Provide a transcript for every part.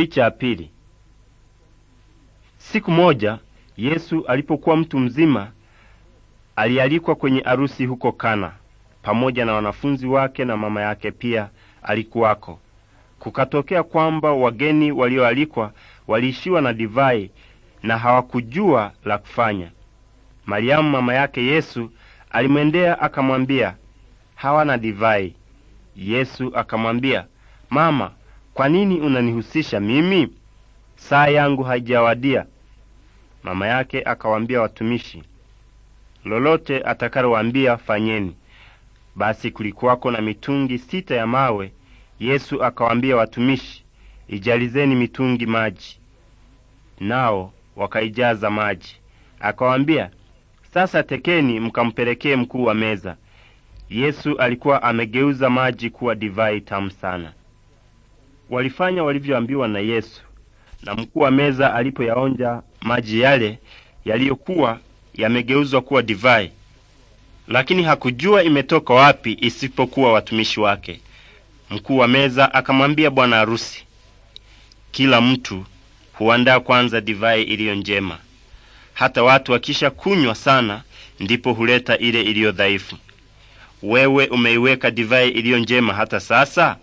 Picha ya pili. Siku moja Yesu alipokuwa mtu mzima alialikwa kwenye arusi huko Kana, pamoja na wanafunzi wake na mama yake pia alikuwako. Kukatokea kwamba wageni walioalikwa waliishiwa na divai na hawakujua la kufanya. Mariamu mama yake Yesu alimwendea akamwambia, hawana divai. Yesu akamwambia, mama kwa nini unanihusisha mimi? Saa yangu haijawadia. Mama yake akawaambia watumishi, lolote atakalowaambia fanyeni. Basi kulikuwako na mitungi sita ya mawe. Yesu akawaambia watumishi, ijalizeni mitungi maji. Nao wakaijaza maji. Akawaambia, sasa tekeni mkampelekee mkuu wa meza. Yesu alikuwa amegeuza maji kuwa divai tamu sana. Walifanya walivyoambiwa na Yesu, na mkuu wa meza alipoyaonja maji yale yaliyokuwa yamegeuzwa kuwa divai, lakini hakujua imetoka wapi isipokuwa watumishi wake. Mkuu wa meza akamwambia bwana harusi, kila mtu huandaa kwanza divai iliyo njema, hata watu wakisha kunywa sana, ndipo huleta ile iliyo dhaifu. Wewe umeiweka divai iliyo njema hata sasa.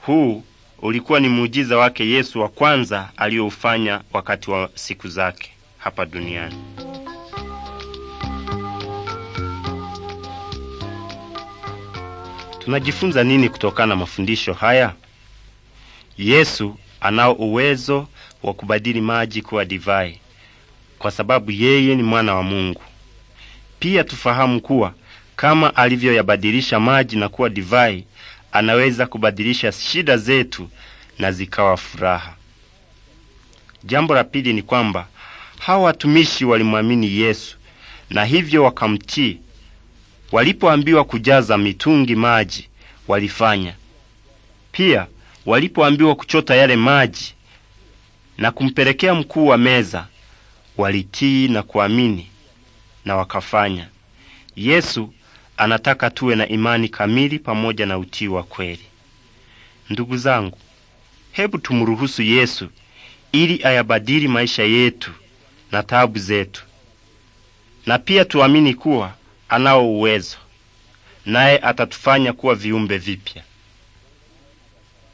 Huu ulikuwa ni muujiza wake Yesu wa kwanza aliyoufanya wakati wa siku zake hapa duniani. Tunajifunza nini kutokana na mafundisho haya? Yesu anao uwezo wa kubadili maji kuwa divai kwa sababu yeye ni mwana wa Mungu. Pia tufahamu kuwa kama alivyoyabadilisha maji na kuwa divai, anaweza kubadilisha shida zetu na zikawa furaha. Jambo la pili ni kwamba hawa watumishi walimwamini Yesu na hivyo wakamtii. Walipoambiwa kujaza mitungi maji walifanya pia. Walipoambiwa kuchota yale maji na kumpelekea mkuu wa meza walitii na kuamini na wakafanya. Yesu anataka tuwe na imani kamili pamoja na utii wa kweli. Ndugu zangu, hebu tumruhusu Yesu ili ayabadili maisha yetu na taabu zetu, na pia tuamini kuwa anao uwezo naye atatufanya kuwa viumbe vipya.